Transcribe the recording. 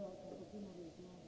dėl saugumo veiksmų